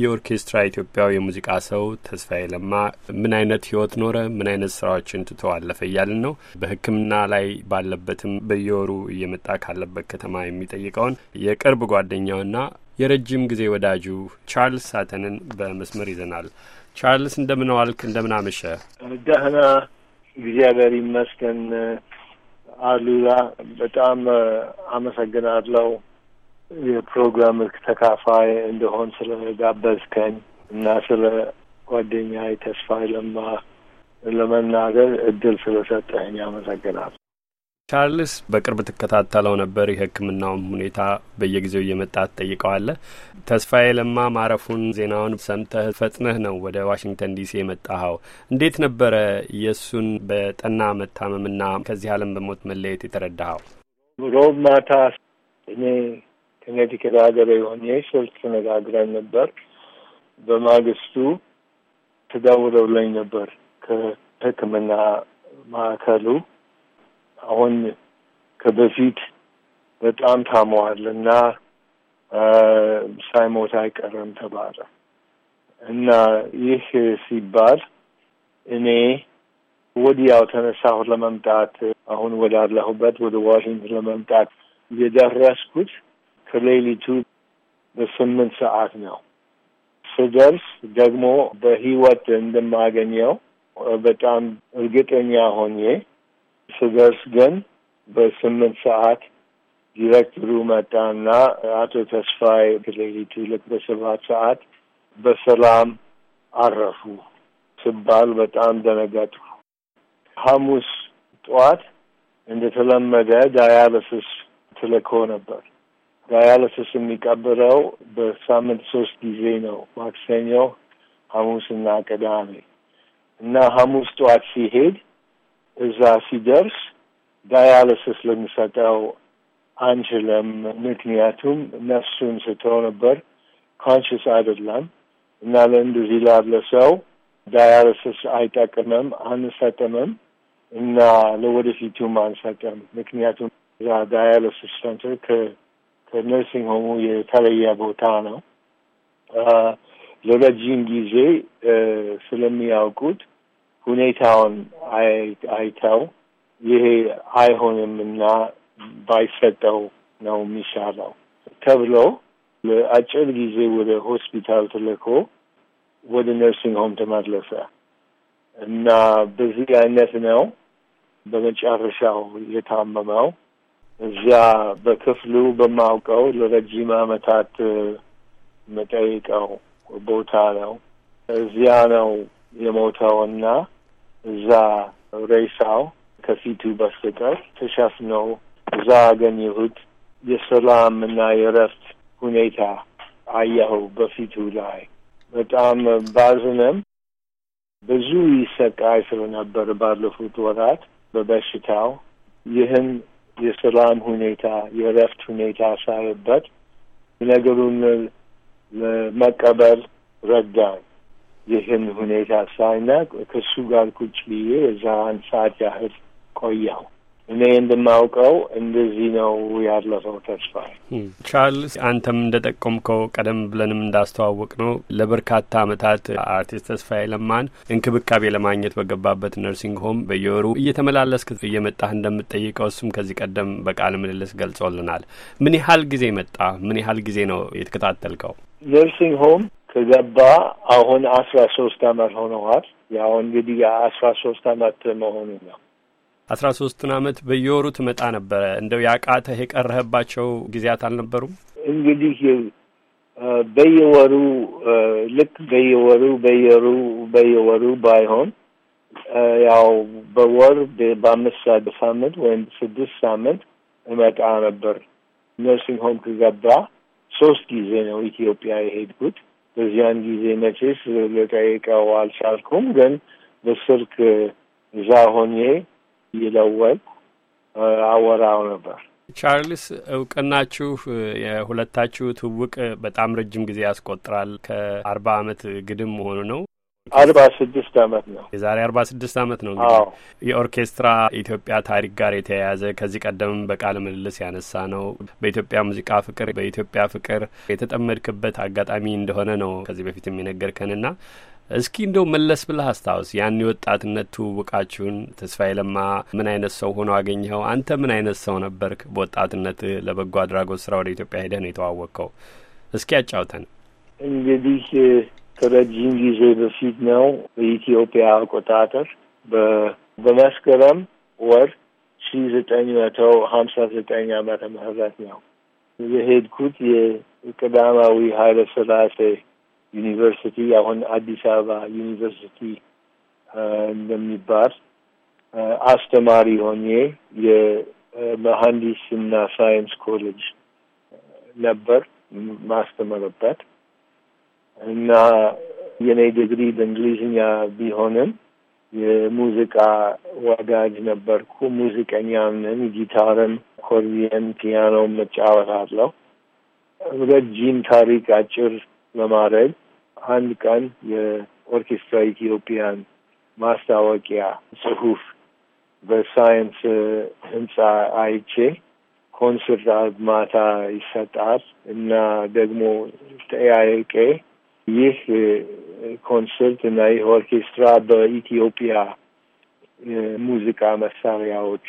የኦርኬስትራ ኢትዮጵያው የሙዚቃ ሰው ተስፋዬ ለማ ምን አይነት ህይወት ኖረ፣ ምን አይነት ስራዎችን ትቶ አለፈ እያልን ነው። በህክምና ላይ ባለበትም በየወሩ እየመጣ ካለበት ከተማ የሚጠይቀውን የቅርብ ጓደኛውና የረጅም ጊዜ ወዳጁ ቻርልስ ሳተንን በመስመር ይዘናል። ቻርልስ እንደምን ዋልክ? እንደምን አመሸ? ደህና እግዚአብሔር ይመስገን። አሉላ በጣም አመሰግናለሁ የፕሮግራምህ ተካፋይ እንደሆን ስለ ጋበዝከኝ እና ስለ ጓደኛዬ ተስፋ ለማ ለመናገር እድል ስለሰጠኝ አመሰግናለሁ። ቻርልስ በቅርብ ትከታተለው ነበር። የሕክምናውም ሁኔታ በየጊዜው እየመጣ ትጠይቀዋለህ። ተስፋዬ ለማ ማረፉን ዜናውን ሰምተህ ፈጥነህ ነው ወደ ዋሽንግተን ዲሲ የመጣኸው። እንዴት ነበረ የእሱን በጠና መታመምና ከዚህ ዓለም በሞት መለየት የተረዳኸው? ሮብ ማታ እኔ እነዚህ ሀገር የሆነ ስልክ ተነጋግረን ነበር። በማግስቱ ተደውለውልኝ ነበር ከሕክምና ማዕከሉ አሁን ከበፊት በጣም ታመዋል እና ሳይሞት አይቀርም ተባለ እና ይህ ሲባል እኔ ወዲያው ተነሳሁ ለመምጣት አሁን ወዳለሁበት ወደ ዋሽንግተን ለመምጣት የደረስኩት ከሌሊቱ በስምንት ሰዓት ነው። ስደርስ ደግሞ በህይወት እንደማገኘው በጣም እርግጠኛ ሆኜ ስደርስ ግን በስምንት ሰዓት ዲሬክተሩ መጣና አቶ ተስፋይ ከሌሊቱ ልክ በሰባት ሰዓት በሰላም አረፉ ስባል በጣም ደነገጡ። ሐሙስ ጠዋት እንደተለመደ ዳያለስስ ትልኮ ነበር። ዳያልስስ የሚቀብረው በሳምንት ሶስት ጊዜ ነው። ማክሰኞ፣ ሐሙስ እና ቅዳሜ እና ሐሙስ ጠዋት ሲሄድ እዛ ሲደርስ ዳያልስስ ልንሰጠው አንችልም። ምክንያቱም ነፍሱን ስቶ ነበር፣ ኮንሽስ አይደለም እና ለእንደዚህ ላለ ሰው ዳያልስስ አይጠቅምም፣ አንሰጥምም እና ለወደፊቱም አንሰጥም። ምክንያቱም እዛ ዳያልስስ ሰንተር ከነርሲንግ ሆሙ የተለየ ቦታ ነው። ለረጅም ጊዜ ስለሚያውቁት ሁኔታውን አይተው ይሄ አይሆንም እና ባይሰጠው ነው የሚሻለው ተብሎ ለአጭር ጊዜ ወደ ሆስፒታል ተልኮ ወደ ነርሲንግ ሆም ተመለሰ እና በዚህ አይነት ነው በመጨረሻው የታመመው። እዚያ በክፍሉ በማውቀው ለረጅም ዓመታት መጠይቀው ቦታ ነው። እዚያ ነው የሞተውና እዛ ሬሳው ከፊቱ በስተቀር ተሸፍኖ እዛ አገኘሁት። የሰላም እና የረፍት ሁኔታ አያሁ በፊቱ ላይ በጣም ባዝንም ብዙ ይሰቃይ ስለነበር ባለፉት ወራት በበሽታው ይህን የሰላም ሁኔታ የእረፍት ሁኔታ ሳይበት ነገሩን ለመቀበል ረዳኝ። ይህን ሁኔታ ሳይናቅ ከሱ ጋር ቁጭ ብዬ የዛ አንድ ሰዓት ያህል ቆያው። እኔ እንደማውቀው እንደዚህ ነው ያለፈው። ተስፋ ቻርልስ፣ አንተም እንደ ጠቆምከው ቀደም ብለንም እንዳስተዋወቅ ነው ለበርካታ አመታት አርቲስት ተስፋዬ ለማን እንክብካቤ ለማግኘት በገባበት ነርሲንግ ሆም በየወሩ እየተመላለስክ እየመጣህ እንደምትጠይቀው እሱም ከዚህ ቀደም በቃለ ምልልስ ገልጾልናል። ምን ያህል ጊዜ መጣ? ምን ያህል ጊዜ ነው የተከታተልከው? ነርሲንግ ሆም ከገባ አሁን አስራ ሶስት አመት ሆነዋል። ያው እንግዲህ አስራ ሶስት አመት መሆኑ ነው አስራ ሶስቱን አመት በየወሩ ትመጣ ነበረ። እንደው ያቃተህ የቀረህባቸው ጊዜያት አልነበሩም? እንግዲህ በየወሩ ልክ በየወሩ በየሩ በየወሩ ባይሆን ያው በወር በአምስት ሰዓት ሳምንት ወይም ስድስት ሳምንት እመጣ ነበር። ነርሲንግ ሆም ከገባ ሶስት ጊዜ ነው ኢትዮጵያ የሄድኩት። በዚያን ጊዜ መቼስ ልጠይቀው አልቻልኩም፣ ግን በስልክ እዛ ሆኜ ይለወል አወራው ነበር። ቻርልስ እውቅናችሁ የሁለታችሁ ትውቅ በጣም ረጅም ጊዜ ያስቆጥራል። ከአርባ አመት ግድም መሆኑ ነው። አርባ ስድስት አመት ነው። የዛሬ አርባ ስድስት አመት ነው እንግዲህ የኦርኬስትራ ኢትዮጵያ ታሪክ ጋር የተያያዘ ከዚህ ቀደምም በቃለ ምልልስ ያነሳ ነው። በኢትዮጵያ ሙዚቃ ፍቅር፣ በኢትዮጵያ ፍቅር የተጠመድክበት አጋጣሚ እንደሆነ ነው ከዚህ በፊት የሚነገርከንና እስኪ እንደው መለስ ብለህ አስታውስ ያን የወጣትነት ትውውቃችሁን። ተስፋዬ ለማ ምን አይነት ሰው ሆኖ አገኘኸው? አንተ ምን አይነት ሰው ነበርክ? በወጣትነት ለበጎ አድራጎት ስራ ወደ ኢትዮጵያ ሄደህ ነው የተዋወቅከው። እስኪ አጫውተን። እንግዲህ ከረጅም ጊዜ በፊት ነው በኢትዮጵያ አቆጣጠር በመስከረም ወር ሺ ዘጠኝ መቶ ሀምሳ ዘጠኝ ዓመተ ምህረት ነው የሄድኩት የቀዳማዊ ኃይለ ሥላሴ ዩኒቨርሲቲ አሁን አዲስ አበባ ዩኒቨርሲቲ እንደሚባል አስተማሪ ሆኜ የመሐንዲስና ሳይንስ ኮሌጅ ነበር ማስተምርበት እና የኔ ዲግሪ በእንግሊዝኛ ቢሆንም የሙዚቃ ወዳጅ ነበርኩ። ሙዚቀኛም ነኝ። ጊታርም፣ ኮርዲየን፣ ፒያኖም መጫወታለሁ። ረጅም ታሪክ አጭር ለማድረግ አንድ ቀን የኦርኬስትራ ኢትዮጵያን ማስታወቂያ ጽሑፍ በሳይንስ ህንፃ አይቼ ኮንሰርት ማታ ይሰጣል እና ደግሞ ተያይቄ ይህ ኮንሰርት እና ይህ ኦርኬስትራ በኢትዮጵያ ሙዚቃ መሳሪያዎች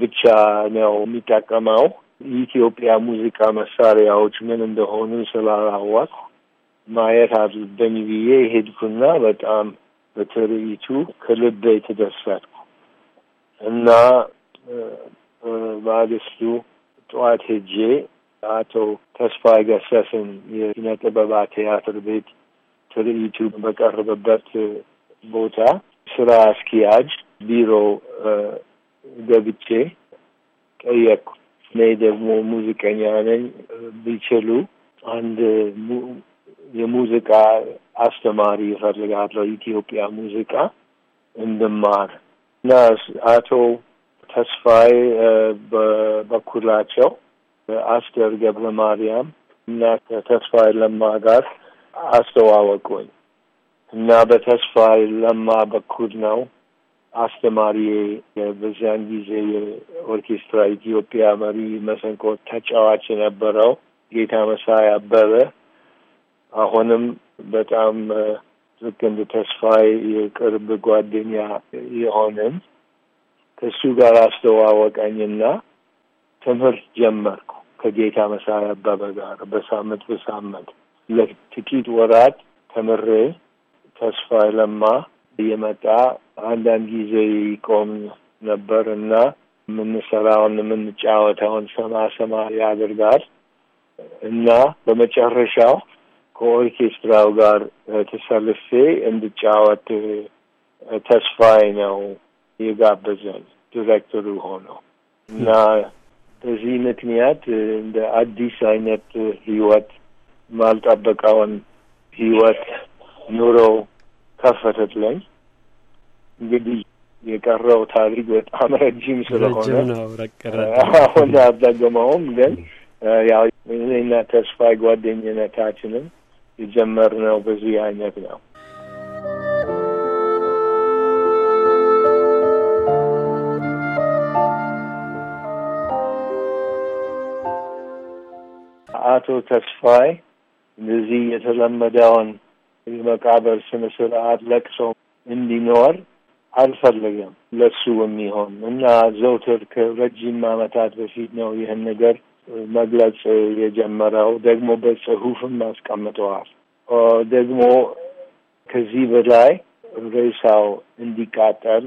ብቻ ነው የሚጠቀመው። የኢትዮጵያ ሙዚቃ መሳሪያዎች ምን እንደሆኑ ስላላወቅሁ ማየት አሉብኝ ብዬ ሄድኩና በጣም በትርኢቱ ከልቤ የተደሰትኩ እና ማግስቱ ጠዋት ሄጄ አቶ ተስፋ ገሰስን የኪነ ጥበባት ቲያትር ቤት ትርኢቱ በቀረበበት ቦታ ስራ አስኪያጅ ቢሮ ገብቼ ጠየቅኩ። እኔ ደግሞ ሙዚቀኛ ነኝ ቢችሉ አንድ የሙዚቃ አስተማሪ እፈልጋለሁ። ኢትዮጵያ ሙዚቃ እንድማር እና አቶ ተስፋዬ በበኩላቸው አስቴር ገብረ ማርያም እና ከተስፋዬ ለማ ጋር አስተዋወቁኝ እና በተስፋዬ ለማ በኩል ነው አስተማሪ በዚያን ጊዜ የኦርኬስትራ ኢትዮጵያ መሪ መሰንቆ ተጫዋች የነበረው ጌታ መሳይ አበበ አሁንም በጣም ልክ ተስፋዬ የቅርብ ጓደኛ የሆነን ከሱ ጋር አስተዋወቀኝና ትምህርት ጀመርኩ ከጌታ መሳይ አበበ ጋር በሳምንት በሳምንት ለጥቂት ወራት ተምሬ ተስፋ ለማ እየመጣ አንዳንድ ጊዜ ይቆም ነበር እና የምንሰራውን የምንጫወተውን ሰማ ሰማ ያደርጋል እና በመጨረሻው ከኦርኬስትራው ጋር ተሰልፌ እንድጫወት ተስፋዬ ነው የጋበዘን ዲሬክተሩ ሆነው እና በዚህ ምክንያት እንደ አዲስ አይነት ህይወት ማልጠበቃውን ህይወት ኑሮ ከፈተትለኝ። እንግዲህ የቀረው ታሪክ በጣም ረጅም ስለሆነ አሁን ግን ያው እኔና ተስፋ ጓደኝነታችንም የጀመርነው በዚህ አይነት ነው። አቶ ተስፋይ እንደዚህ የተለመደውን የመቃብር ስነ ስርዓት ለቅሶ እንዲኖር አልፈለገም ለሱ የሚሆን እና ዘውትር ከረጅም ዓመታት በፊት ነው ይህን ነገር መግለጽ የጀመረው ደግሞ በጽሁፍም አስቀምጠዋል። ደግሞ ከዚህ በላይ ሬሳው እንዲቃጠል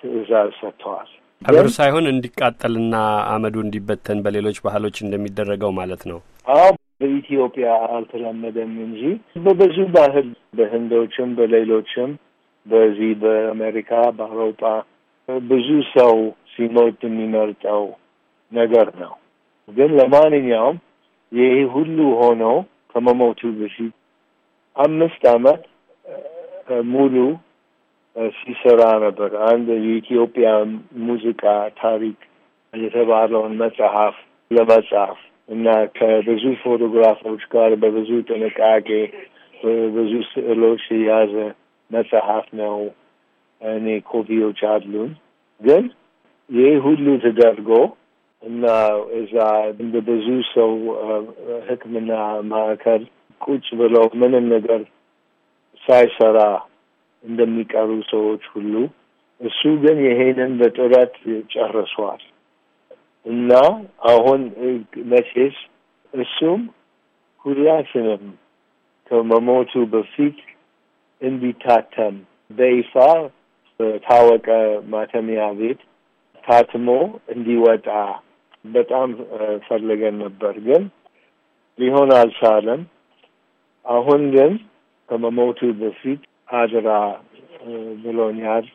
ትዕዛዝ ሰጥተዋል። ቀብር ሳይሆን እንዲቃጠልና አመዱ እንዲበተን በሌሎች ባህሎች እንደሚደረገው ማለት ነው። አዎ በኢትዮጵያ አልተለመደም እንጂ በብዙ ባህል በህንዶችም፣ በሌሎችም በዚህ በአሜሪካ በአውሮፓ ብዙ ሰው ሲሞት የሚመርጠው ነገር ነው። ግን ለማንኛውም ይህ ሁሉ ሆኖ ከመሞቱ በፊት አምስት አመት ሙሉ ሲሰራ ነበር። አንድ የኢትዮጵያ ሙዚቃ ታሪክ የተባለውን መጽሐፍ ለመጽሐፍ እና ከብዙ ፎቶግራፎች ጋር በብዙ ጥንቃቄ በብዙ ስዕሎች የያዘ መጽሐፍ ነው። እኔ ኮፒዎች አሉን። ግን ይህ ሁሉ ተደርጎ እና እዛ እንደ ብዙ ሰው ሕክምና ማዕከል ቁጭ ብለው ምንም ነገር ሳይሰራ እንደሚቀሩ ሰዎች ሁሉ እሱ ግን ይሄንን በጥረት ጨርሷል እና አሁን መቼስ እሱም ሁላችንም ከመሞቱ በፊት እንዲታተም በይፋ በታወቀ ማተሚያ ቤት ታትሞ እንዲወጣ በጣም ፈልገን ነበር፣ ግን ሊሆን አልቻለም። አሁን ግን ከመሞቱ በፊት አድራ ብሎኛል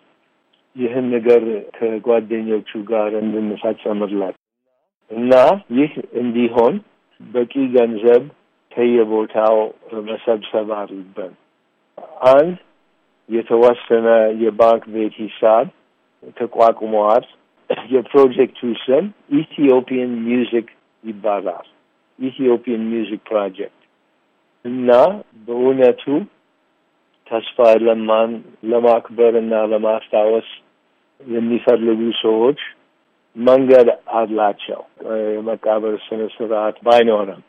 ይህን ነገር ከጓደኞቹ ጋር እንድንፈጽምላት እና ይህ እንዲሆን በቂ ገንዘብ ከየቦታው መሰብሰብ አሉብን አንድ የተወሰነ የባንክ ቤት ሂሳብ ተቋቁመዋል። your project to Sim, Ethiopian Music Ibada, Ethiopian Music Project. Na Bunatu Tasfai Laman Lamakber and Na Lamastawas Lemifad Lebusoj Mangad Adlacho eh, Makaber Sinasarat Bainora.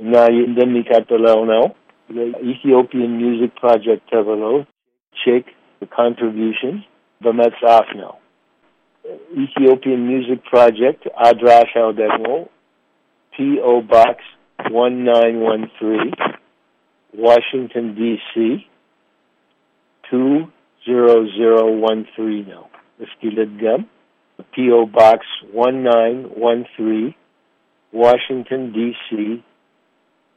Na Yindemikatalono, the Ethiopian Music Project Tevelo, check the contribution, the Metsafno. Ethiopian Music Project, Adrash El P.O. Box 1913, Washington, D.C. 20013 No. Nifty Lidgum, P.O. Box 1913, Washington, D.C.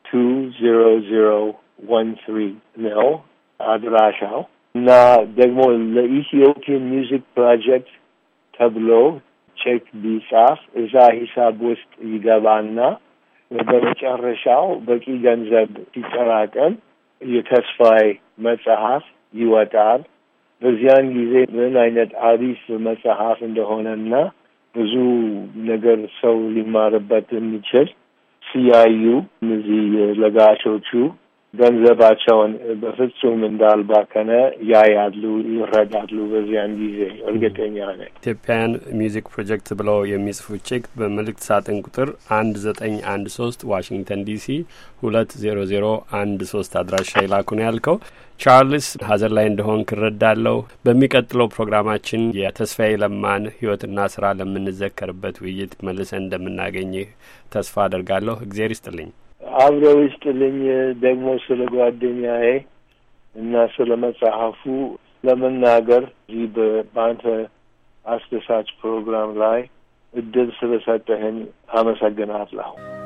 20013 now. Adrashal. Na Degmol, the Ethiopian Music Project, ተብሎ ቼክ ቢጻፍ እዛ ሂሳብ ውስጥ ይገባና በመጨረሻው በቂ ገንዘብ ሲጠራቀም የተስፋዬ መጽሐፍ ይወጣል። በዚያን ጊዜ ምን አይነት አሪፍ መጽሐፍ እንደሆነና ብዙ ነገር ሰው ሊማርበት የሚችል ሲያዩ እነዚህ ለጋሾቹ ገንዘባቸውን በፍጹም እንዳልባከነ ያያሉ፣ ይረዳሉ። በዚያን ጊዜ እርግጠኛ ነኝ። ኢትዮጵያን ሚውዚክ ፕሮጀክት ብለው የሚጽፉ ቼክ በመልእክት ሳጥን ቁጥር አንድ ዘጠኝ አንድ ሶስት ዋሽንግተን ዲሲ ሁለት ዜሮ ዜሮ አንድ ሶስት አድራሻ ይላኩን ያልከው ቻርልስ ሀዘን ላይ እንደሆን ክረዳለሁ። በሚቀጥለው ፕሮግራማችን የተስፋዬ ለማን ህይወትና ስራ ለምንዘከርበት ውይይት መልሰን እንደምናገኝህ ተስፋ አደርጋለሁ። እግዜር ይስጥልኝ። አብሮ ይስጥልኝ። ደግሞ ስለ ጓደኛዬ እና ስለ መጽሐፉ ለመናገር እዚህ በአንተ አስደሳች ፕሮግራም ላይ እድል ስለሰጠህን አመሰግናለሁ።